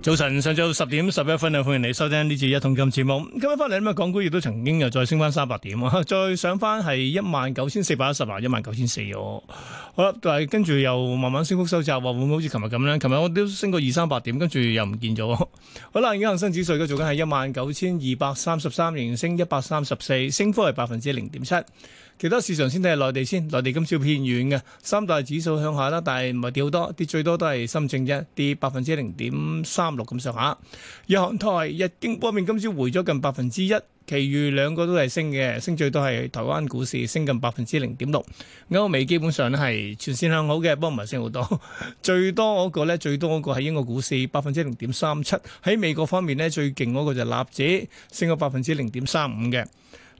早晨，上晝十點十一分啊！歡迎你收聽呢次一桶金節目。今日翻嚟咁啊，港股亦都曾經又再升翻三百點啊，再上翻係一萬九千四百一十或一萬九千四咗。好啦，但係跟住又慢慢升幅收窄，話會唔會好似琴日咁樣？琴日我都升過二三百點，跟住又唔見咗。好啦，而家恒生指數嘅做緊係一萬九千二百三十三，仍升一百三十四，升幅係百分之零點七。其他市場先睇下內地先，內地今朝偏軟嘅，三大指數向下啦，但係唔係跌好多，跌最多都係深證啫，跌百分之零點三六咁上下。日韓台，日經方面，今朝回咗近百分之一，其餘兩個都係升嘅，升最多係台灣股市，升近百分之零點六。歐美基本上咧係全線向好嘅，不過唔係升好多，最多嗰個咧，最多嗰個係英國股市，百分之零點三七。喺美國方面呢，最勁嗰個就係納指，升咗百分之零點三五嘅。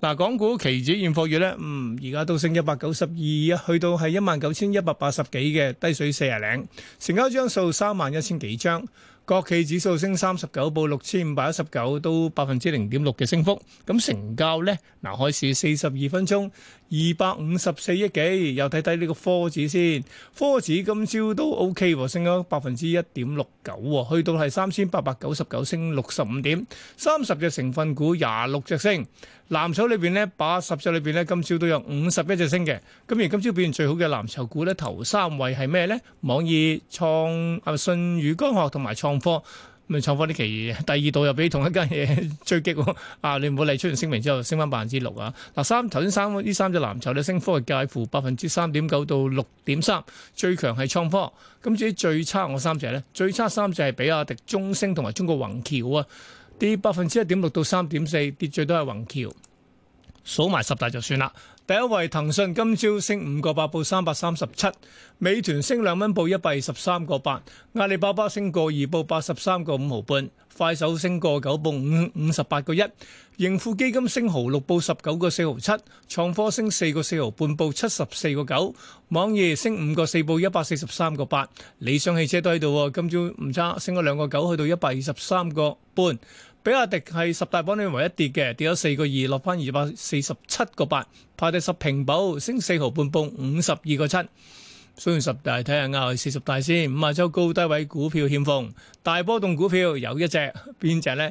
嗱，港股期指現貨月咧，嗯，而家都升一百九十二，去到係一萬九千一百八十幾嘅低水四啊零，成交張數三萬一千幾張，國企指數升三十九報六千五百一十九，都百分之零點六嘅升幅，咁成交咧，嗱，開市四十二分鐘。二百五十四億幾？又睇睇呢個科指先，科指今朝都 O K 喎，升咗百分之一點六九喎，去到係三千八百九十九，升六十五點，三十隻成分股廿六隻升，藍籌裏邊呢，八十隻裏邊呢，今朝都有五十一隻升嘅。咁而今朝表現最好嘅藍籌股呢，頭三位係咩呢？網易創、亞、啊、舜宇光學同埋創科。咪創科啲奇異，第二度又俾同一間嘢追擊喎。啊，你唔好理，出完聲明之後升，升翻百分之六啊。嗱，三頭先三呢三隻藍籌咧，升幅介乎百分之三點九到六點三，最強係創科。咁至於最差我三隻咧，最差三隻係比亞迪、中升同埋中國宏橋啊，跌百分之一點六到三點四，跌最多係宏橋。數埋十大就算啦。第一位，騰訊今朝升五個八，報三百三十七；美團升兩蚊，報一百二十三個八；阿里巴巴升個二，報八十三個五毫半；快手升個九，報五五十八個一；盈富基金升毫六，報十九個四毫七；創科升四個四毫半，報七十四個九；網易升五個四，報一百四十三個八；理想汽車都喺度，今朝唔差，升咗兩個九，去到一百二十三個半。比亞迪係十大榜單唯一跌嘅，跌咗四個二，落翻，二百四十七個八。排第十平保升四毫半，報五十二個七。雖然十大睇下，亞四十大先。五十周高低位股票欠奉，大波動股票有一隻，邊隻呢？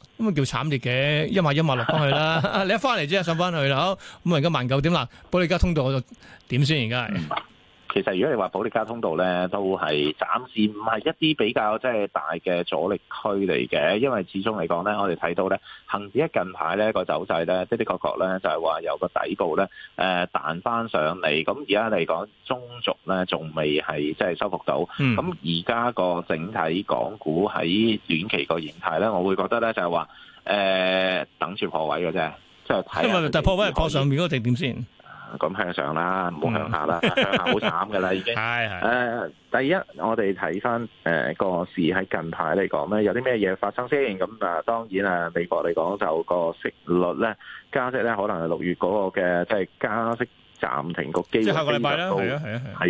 咁咪叫慘烈嘅，一買一買落翻去啦！ 你一翻嚟之後，上翻去啦，好？咁而家萬九點啦，保力加通道，我就點先？而家係。其實，如果你話保力加通道咧，都係暫時唔係一啲比較即係大嘅阻力區嚟嘅，因為始終嚟講咧，我哋睇到咧，恒指一近排咧、那個走勢咧，的的確確咧就係話有個底部咧，誒彈翻上嚟。咁而家嚟講，中軸咧仲未係即係收復到。咁、嗯、而家個整體港股喺短期個形態咧，我會覺得咧就係話誒等住破位嘅啫，即係睇。因為突破位係破上面嗰個地點先。嗯咁向上啦，唔好向下啦， 向下好慘嘅啦，已經。誒 是、呃，第一，我哋睇翻誒個市喺近排嚟講咧，有啲咩嘢發生先？咁啊、嗯，當然啊，美國嚟講就個息率咧，加息咧，可能係六月嗰個嘅即係加息暫停個機率都係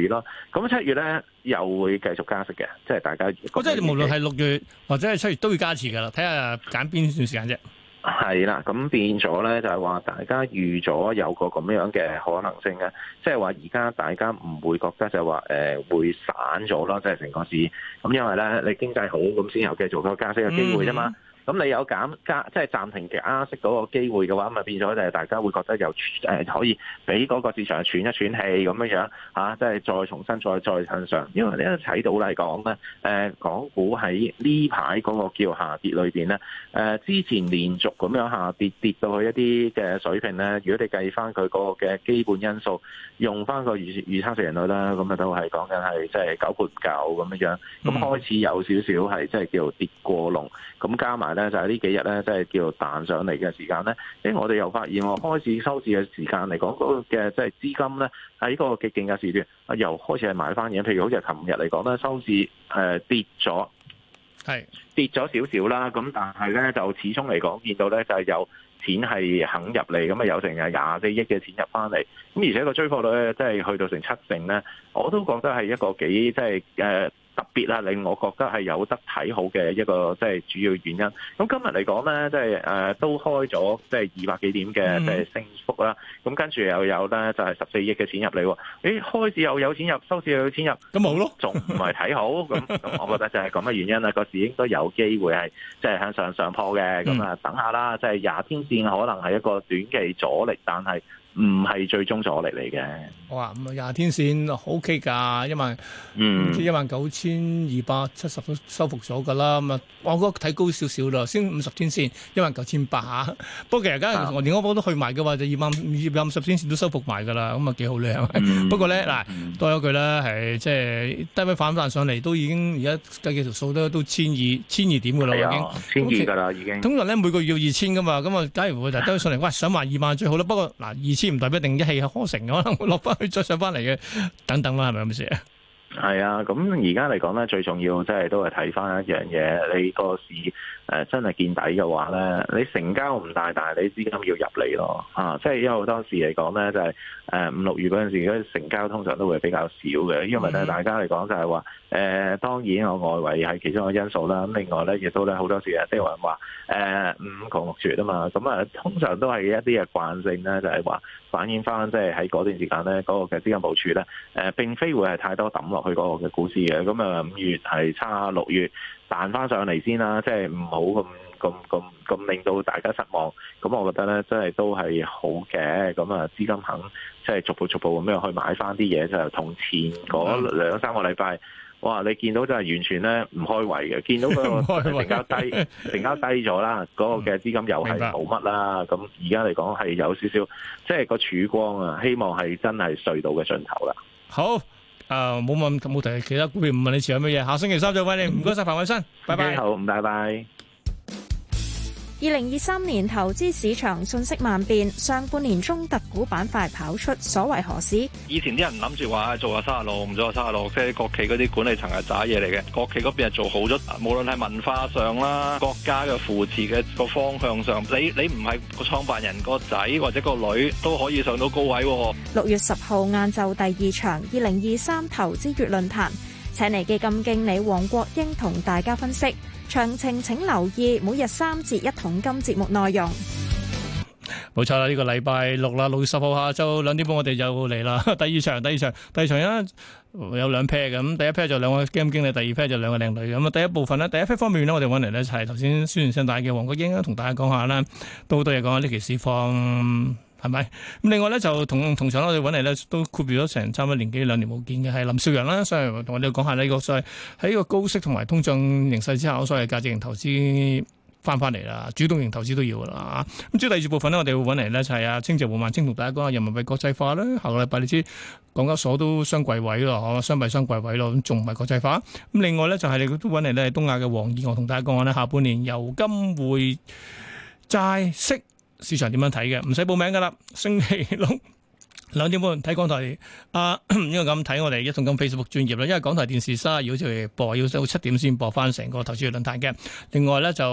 咯。咁七到、啊啊啊、月咧又會繼續加息嘅，即係大家。即係無論係六月或者係七月都要加持看看一次嘅啦，睇下揀邊段時間啫。係啦，咁變咗咧，就係話大家預咗有個咁樣嘅可能性啊，即係話而家大家唔會覺得就係話誒會散咗咯，即係成個市，咁因為咧你經濟好，咁先有繼續做個加息嘅機會啫嘛。嗯咁你有減加即係暫停嘅加息嗰個機會嘅話，咪變咗就係大家會覺得又誒、呃、可以俾嗰個市場喘一喘氣咁樣樣嚇、啊，即係再重新再再向上。因為你咧睇到嚟講咧，誒港股喺呢排嗰個叫下跌裏邊咧，誒、呃、之前連續咁樣下跌跌到去一啲嘅水平咧。如果你計翻佢個嘅基本因素，用翻個預預測市盈率啦，咁啊都係講緊係即係九括九咁樣樣，咁開始有少少係即係叫跌過龍，咁加埋。咧就喺呢幾日咧，即係叫做彈上嚟嘅時間咧。誒，我哋又發現喎，開始收市嘅時間嚟講，嗰個嘅即係資金咧喺個極勁嘅時段，啊，又開始係買翻嘢。譬如好似係琴日嚟講咧，收市誒跌咗，係跌咗少少啦。咁但係咧，就始終嚟講，見到咧就係有錢係肯入嚟，咁啊有成廿四億嘅錢入翻嚟。咁而且個追貨率咧，即係去到成七成咧，我都覺得係一個幾即係誒。呃特別啦，令我覺得係有得睇好嘅一個即係主要原因。咁今日嚟講咧，即係誒、呃、都開咗即係二百幾點嘅即係升幅啦。咁、嗯、跟住又有咧，就係十四億嘅錢入嚟。誒開市又有錢入，收市又有錢入，咁冇、嗯、好咯？仲唔係睇好咁？我覺得就係咁嘅原因啦。個市應該有機會係即係向上上破嘅。咁啊，等下啦，嗯、即係廿天線可能係一個短期阻力，但係唔係最終阻力嚟嘅。哇！咁廿天線 OK 㗎，因為嗯，一萬,一萬九千。千二百七十都收復咗㗎啦，咁啊，我覺得睇高少少啦，先五十天線一萬九千八嚇。不過其實梗係我連嗰波都去埋嘅話，就二萬二百五十天線都收復埋㗎啦，咁啊幾好咧。嗯、不過咧嗱，多咗佢啦，係即係低位反彈上嚟都已經而家計技術數都都千、嗯、二千二點㗎啦，已經千二㗎啦已經。通常咧每個月要二千㗎嘛，咁啊假如佢就低上嚟，哇想話二萬最好啦。不過嗱二千唔代表一定一氣呵成可能會，落翻去再上翻嚟嘅等等啦，係咪咁先？係啊，咁而家嚟講咧，最重要即係都係睇翻一樣嘢，你個市誒真係見底嘅話咧，你成交唔大，但係你資金要入嚟咯，啊，即係因為好多時嚟講咧，就係誒五六月嗰陣時，嗰啲成交通常都會比較少嘅，因為咧大家嚟講就係話誒，當然我外圍係其中一個嘅因素啦，咁另外咧亦都咧好多時有人話誒、呃、五窮六絕啊嘛，咁啊通常都係一啲嘅慣性咧，就係、是、話反映翻即係喺嗰段時間咧嗰、那個嘅資金部署咧誒、呃、並非會係太多抌落。去嗰個嘅股市嘅，咁啊五月係差六月彈翻上嚟先啦，即係唔好咁咁咁咁令到大家失望。咁我覺得咧，真係都係好嘅。咁啊資金肯即係逐步逐步咁樣去買翻啲嘢，就係同前嗰兩三個禮拜哇，你見到就係完全咧唔開胃嘅，見到個成交低，成交 低咗啦，嗰個嘅資金又係冇乜啦。咁而家嚟講係有少少，即係個曙光啊！希望係真係隧道嘅盡頭啦。好。啊！冇、呃、問冇提其他股票，唔問你持有乜嘢。下星期三再餵、嗯、你，唔該晒彭偉新，拜拜。好，唔拜拜。 二零二三年投資市場瞬息萬變，上半年中特股，股板塊跑出，所為何事？以前啲人諗住話做下三十六，唔做三十六，即係國企嗰啲管理層係渣嘢嚟嘅，國企嗰邊係做好咗，無論係文化上啦，國家嘅扶持嘅個方向上，你你唔係個創辦人個仔或者個女都可以上到高位啊。六月十號晏晝第二場二零二三投資月論壇。請嚟基金經理黃國英同大家分析詳情，請留意每日三節一桶金節目內容。冇錯啦，呢個禮拜六啦，六月十號下晝兩點半，我哋就嚟啦。第二場，第二場，第二場啦，有兩 pair 咁，第一 pair 就兩個基金經理，第二 pair 就兩個靚女咁啊。第一部分呢，第一批方面呢，我哋揾嚟呢就係頭先宣傳聲帶嘅黃國英啦，同大家講下啦，都好多對嘢講下呢期市況。係咪？咁另外咧就同同場我哋揾嚟咧都跨越咗成差唔多年幾兩年冇見嘅，係林少陽啦。所以同我哋講下呢個所，所謂喺個高息同埋通脹形勢之下，所謂價值型投資返返嚟啦，主動型投資都要啦。咁之後第二部分呢，我哋會揾嚟呢，就係阿青石和萬清同大家講下，人民幣國際化啦。下個禮拜你知，港交所都雙櫃位咯，嚇雙幣雙櫃位咯，仲唔係國際化？咁另外呢，就係你都揾嚟呢係東亞嘅黃義，我同大家講下咧，下半年油金匯債息。市場點樣睇嘅？唔使報名噶啦，星期六兩點半睇港台。啊，因為咁睇我哋一桶金 Facebook 專頁啦，因為港台電視三要好似播，要到七點先播翻成個投資論壇嘅。另外咧就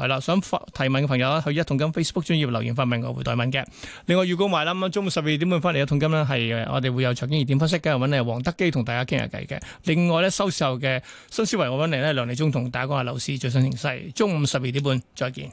係啦，想發提問嘅朋友啊，去一桶金 Facebook 專頁留言發問，我會代問嘅。另外預告埋啦，中午十二點半翻嚟一桶金咧，係我哋會有財經熱點分析嘅，揾嚟黃德基同大家傾下偈嘅。另外咧收售嘅新思維，我揾嚟咧梁利忠同大家講下樓市最新形勢。中午十二點半再見。